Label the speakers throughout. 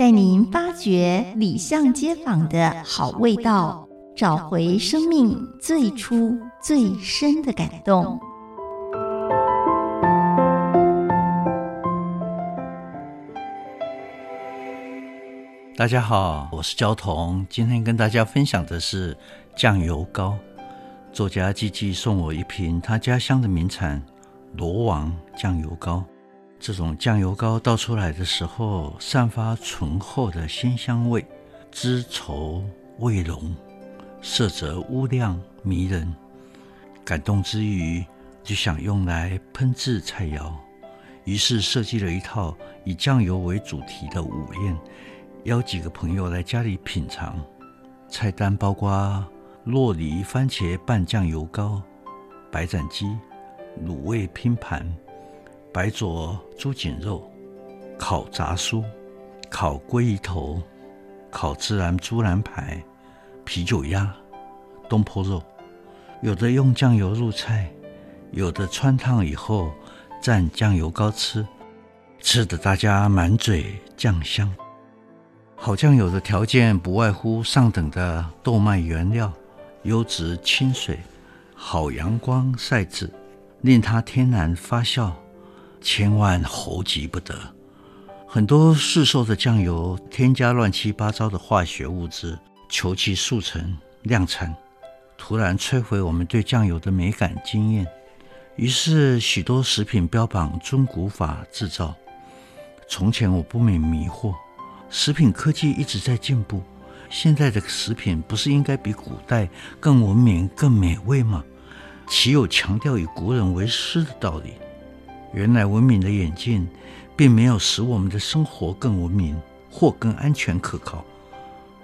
Speaker 1: 帶您發掘裡巷街坊的好味道，找回生命最初最深的感動。
Speaker 2: 大家好，我是焦桐，今天跟大家分享的是醬油膏。作家季季送我一瓶他家鄉的名產——羅王醬油膏。這種醬油膏倒出來的時候，散發醇厚的鮮香味，汁稠味濃，色澤烏亮迷人。感動之餘，就想用來烹制菜餚，於是設計了一套以醬油為主題的午宴，邀幾個朋友來家裡品嘗。菜單包括酪梨番茄拌醬油膏、白斬雞、滷味拼盤。白灼豬頸肉、烤炸酥、烤鮭魚頭、烤孜然豬腩排、啤酒鴨、東坡肉，有的用醬油入菜，有的汆燙以後蘸醬油膏吃，吃得大家滿嘴醬香。好醬油的條件不外乎上等的豆麥原料、優質清水、好陽光曬製，令它天然發酵。千萬猴急不得！很多市售的醬油添加亂七八糟的化學物質，求其速成量產，徒然摧毀我們對醬油的美感經驗。於是許多食品標榜“遵古法製造”。從前我不免迷惑：食品科技一直在進步，現在的食品不是應該比古代更文明、更美味嗎？豈有強調以古人為師的道理？原來文明的演進，並沒有使我們的生活更文明或更安全可靠。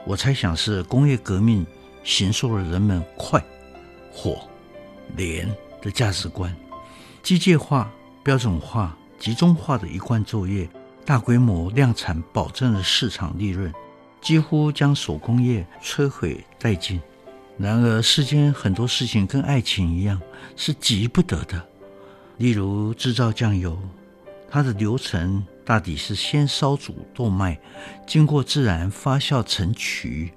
Speaker 2: 我猜想是工業革命形塑了人們快、火、廉的價值觀，機械化、標準化、集中化的一貫作業，大規模量產保證了市場利潤，幾乎將手工業摧毀殆盡。然而世間很多事情跟愛情一樣，是急不得的。例如製造醬油，它的流程大抵是先燒煮豆麥，經過自然發酵成麴，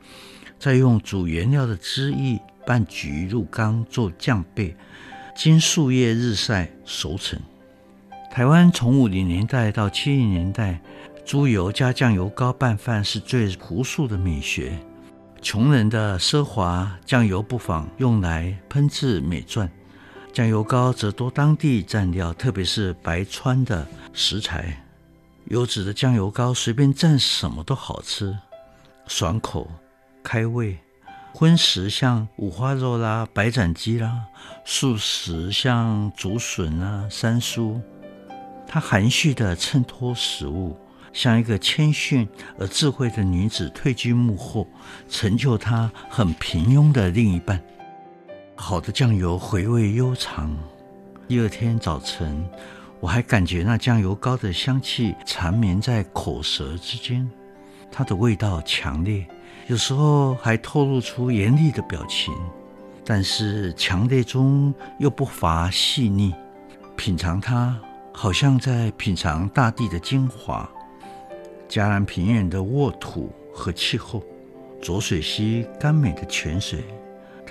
Speaker 2: 再用煮原料的汁液拌麴入缸做醬醅，經數月日曬熟成。台灣從五零年代到七零年代，豬油加醬油膏拌飯是最樸素的美學，窮人的奢華。醬油不妨用來烹製美饌。醬油膏則多當地蘸料，特別是白川的食材。優質的醬油膏隨便蘸什麼都好吃，爽口開胃。葷食像五花肉啦、白斬雞啦；素食像竹筍啦、啊、山蘇。它含蓄地襯托食物，像一個謙遜而智慧的女子退居幕後，成就她很平庸的另一半。好的醬油回味悠長，第二天早晨，我還感覺那醬油膏的香氣纏綿在口舌之間。它的味道強烈，有時候還透露出嚴厲的表情，但是強烈中又不乏細膩。品嘗它，好像在品嘗大地的精華，嘉南平原的沃土和氣候，濁水溪甘美的泉水。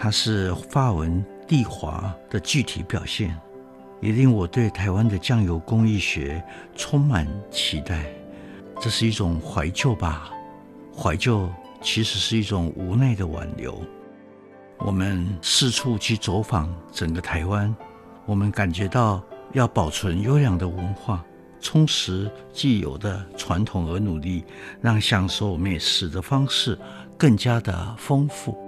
Speaker 2: 它是發文地華的具體表現，也令我對台灣的醬油工藝學充滿期待。這是一種懷舊吧？懷舊其實是一種無奈的挽留。我們四處去走訪整個台灣，我們感覺到要保存優良的文化，充實既有的傳統而努力，讓享受美食的方式更加的豐富。